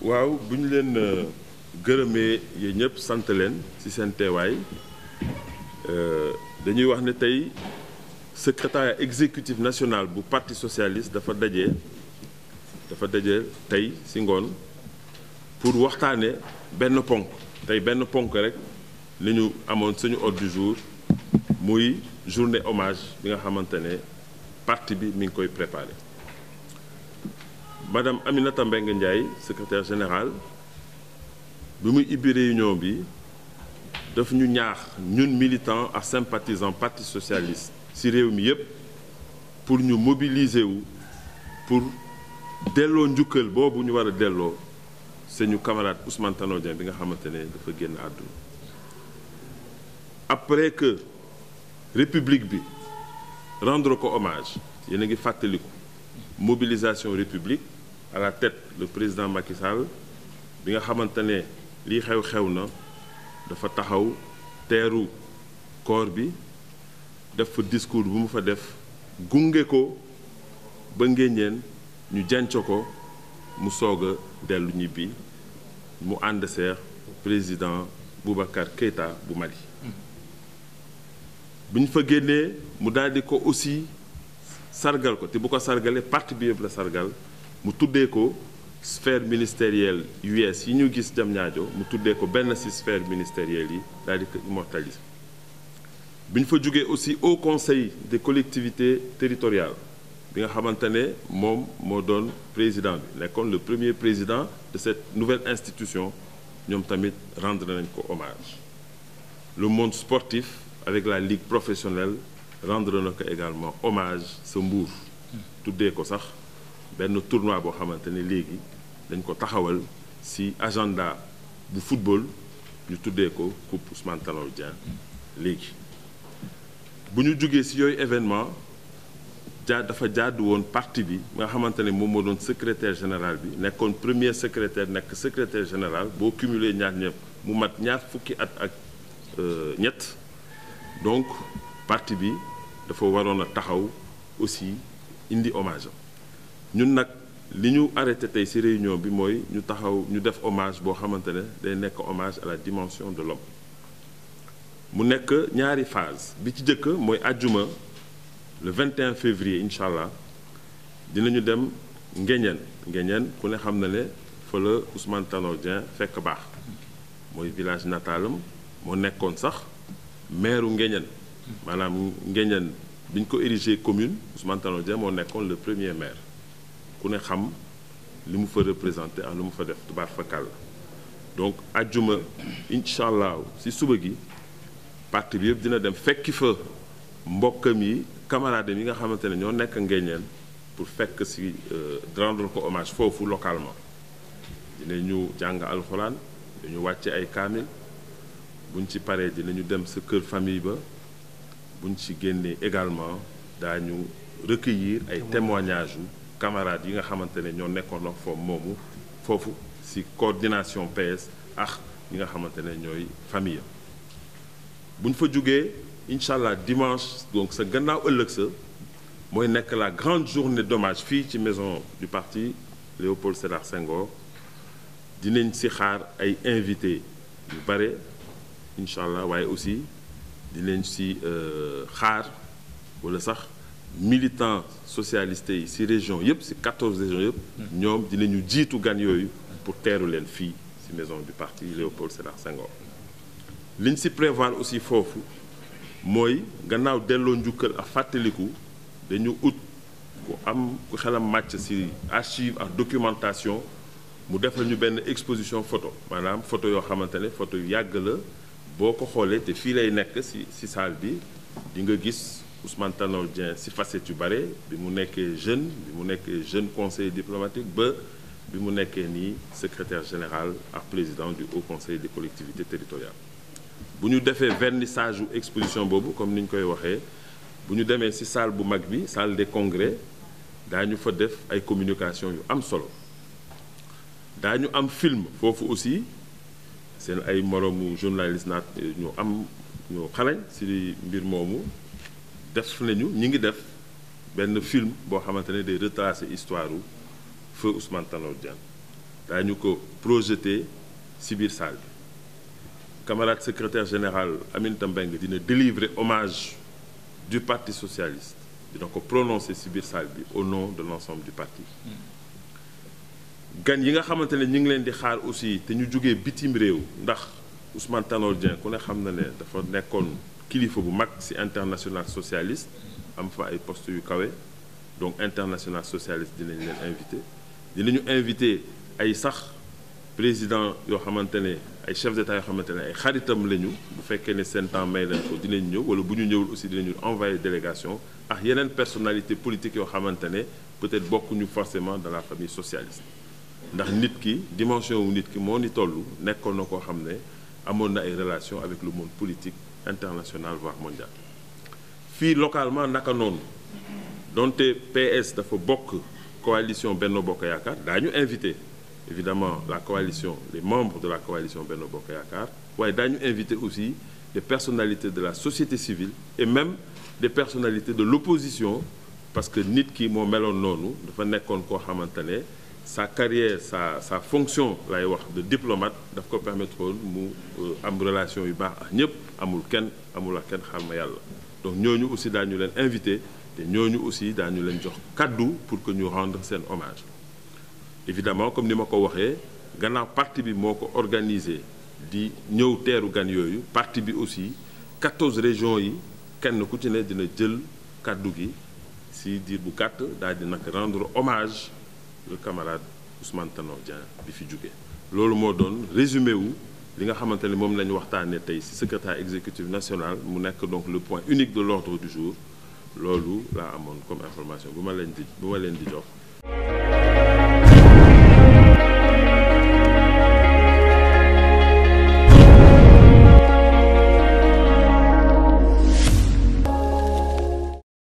waaw bu ñu leen euh, gërëmee yéen ñëpp sant leen ci seen teewaay euh, dañuy wax ne tey secrétaire exécutif nationale bu parti socialiste dafa daje dafa daje tey ci ngoon pour waxtaane benn ponk tey benn ponk rek li ñu amoon suñu ordre jour muy journée hommage bi nga xamante ne parti bi mi ngi koy préparé madame Aminata Mbengue Ndiaye secretaire général bi muy ibbi réunion bi daf ñu ñaax ñun militants ak sympathisants parti socialiste ci réew mi yépp pour ñu mobiliser wu pour delloo njukkal boobu ñu war a delloo suñu camarade Ousmane Tanor Dieng bi nga xamante ne dafa génn àdduna après que république bi rendre ko hommage yéen a ngi fàttaliku mobilisation république à la tête président Macky Sall bi nga xamante ne lii xew-xew na dafa taxaw teeru corps bi def fa discours bu mu fa def gunge ko ba ngéñeen ñu janco ko mu soog a dellu ñibbi mu ànd seex président Boubacar Keïta bu Mali bu ñu fa génnee mu daldi ko aussi sargal ko te bu ko sargalee parti bi yëpp la sargal mu tuddee ko sphère ministérielle yu yees yi ñu gis jam mu tuddee ko benn ci sphère ministérielle yi daal di ko immortaliser bi ñu fa jógee aussi au conseil des collectivités territoriales bi nga xamante ne moom moo doon président bi nekkoon le premier président de cette nouvelle institution ñoom tamit rendre nañ ko hommage le monde sportif avec la ligue professionnelle rendre na ko également hommage sa mbuur tuddee ko sax benn tournoi boo xamante ne léegi dañ ko taxawal ci agenda bu football ñu tuddee ko coupe Ousmane Tanor léegi bu ñu jógee ci yooyu événement jaa dafa jaadu woon parti bi nga xamante ne moom moo doon secrétaire général bi nekkoon premier secretaire nekk secrétaire général boo cumulé ñaar ñëpp mu mat ñaar fukki at ak euh, ñett donc parti bi dafa waroon a taxaw aussi indi hommage ñun nag li ñu arrêté tey ci réunion bi mooy ñu taxaw ñu def hommage boo xamante ne day nekk hommage à la dimension de l'homme mu nekk ñaari phase bi ci jëkk mooy àjjuma le 21 février incha allah dinañu dem Nguéniène Nguéniène ku ne xam na ne fa la Ousmane Tanor Dieng fekk baax mooy village nataalam moo nekkoon sax maire Nguéniène maanaam Nguéniène bi ñu ko érigé commune Ousmane Tanor Dieng moo nekkoon le premier maire ku ne xam li mu fa représenté ak lu mu fa def tubaar fakal donc ajjuma incha allah si suba gi parti bi yëpp dina dem fekki fa mbokkam yi camarade bi nga xamante ne ñoo nekk ngeeñeen pour fekk si euh, rendre ko hommage foofu localement ñu jàng alxuraan ñu wàcce ay kaamil buñ ci paree ñu dem sa kër famille ba buñ ci génnee également daa daañu recueillir ay témoignages camarades yi nga xamante ne ñoo nekkoon ak foofu moomu foofu ci coordination PS ak ñi nga xamante ne ñooy famille buñ fa jógee incha allah dimanche donc sa gannaaw ëllëg sa mooy nekk la grande journée domage fii ci maison du parti Léopold Sédar Senghor dinañ si xaar ay invité yu bare incha allah waaye aussi dinañ ci euh, xaar walla sax militants socialistes yi ci régions yëpp ci quatorze régions yëpp ñoom dinañu jiitu gan yooyu pour teeru leen fii ci maison du parti Léopold Sédar Senghor liñ ci prévoir aussi foofu mooy gannaaw delloo njukkal ak fàttaliku dañu ut ku am ku xelam màcc ci archive ak documentation mu defal ñu benn exposition photo maanaam photo yoo xamante ne photo yu yàgg la boo ko xoolee te fii lay nekk ci ci salle bi di gis Ousmane Tanor Dieng si facette yu bare bi mu nekkee jeune bi mu nekkee jeune conseil diplomatique ba bi mu nekkee nii secretaire général ak président du haut conseil des collectivités territoriales bu ñu defee vernissage u exposition boobu comme ni ñu koy waxee bu ñu demee ci salle bu mag bi salle des congrès ñu fa def ay communication yu am solo daañu am film foofu aussi seen ay moroomu journaliste naat eh, ñu am ñu xalañ ci mbir moomu def nañu ñi ngi def benn film boo xamante ne day retracer histoire u feu Ousmane Tanor Dieng daañu ko projeté ci biir salle bi camarade secrétaire général Aminata Mbengue dina délivrer hommage du parti socialiste dina ko prononcer ci biir salle bi au nom de l'ensemble du parti gan yi nga xamante ne ñu ngi leen di xaar aussi te ñu jógee bitim réew ndax Ousmane Tanor Dieng ku ne xam na ne dafa nekkoon kilifa bu mag ci international socialiste am fa ay poste yu kawe donc international socialiste dinañ leen invité dinañu invité ay sax président yoo xamante ne ay chef d'état yoo xamante ne ay xaritam lañu bu fekkee ne seen temps may leen ko dinañ ñëw wala bu ñu ñëwul aussi dinañu envoyé délégation ak yeneen personnalité politique yoo xamante ne peut-être bokkuñu forcément dans la famille socialiste ndax nit ki dimension wu nit ki moo ni toll nekkoon na koo xam ne amoon na ay relation avec le monde politique international voire mondial fii localement naka noonu donte PS dafa bokk coalition Benno Bokk Yaakaar daañu invité évidemment la coalition les membres de la coalition Benno Bokk Yaakaar waaye daañu invité aussi de personnalités de la société civile et même des personnalités de l'opposition parce que nit ki moo meloon noonu dafa nekkoon koo xamante ne sa carrière sa fonction lay wax de diplomate daf ko permettre mu euh, am relation yu baax ak ñëpp amul kenn amul ak kenn xam ma yàlla donc ñooñu aussi daañu leen invité te ñu aussi daañu leen jox kàddu pour que ñu rendre seen hommage évidemment comme ni ma ko waxee gannaaw parti bi moo ko organisé di ñëw teeru gan yooyu parti bi aussi 14 régions yi kenn ku ci ne dina jël kàddu gi si diir bu gàtt daal di nag rendre hommage le camarade Ousmane Tanor Dieng bi fi jóge loolu moo doon résumé wu li nga xamante ne moom la ñu waxtaanee tey ci secrétaire exécutif national mu nekk donc le point unique de l'ordre du jour loolu laa amoon comme information bu ma leen di bu ma leen di jox.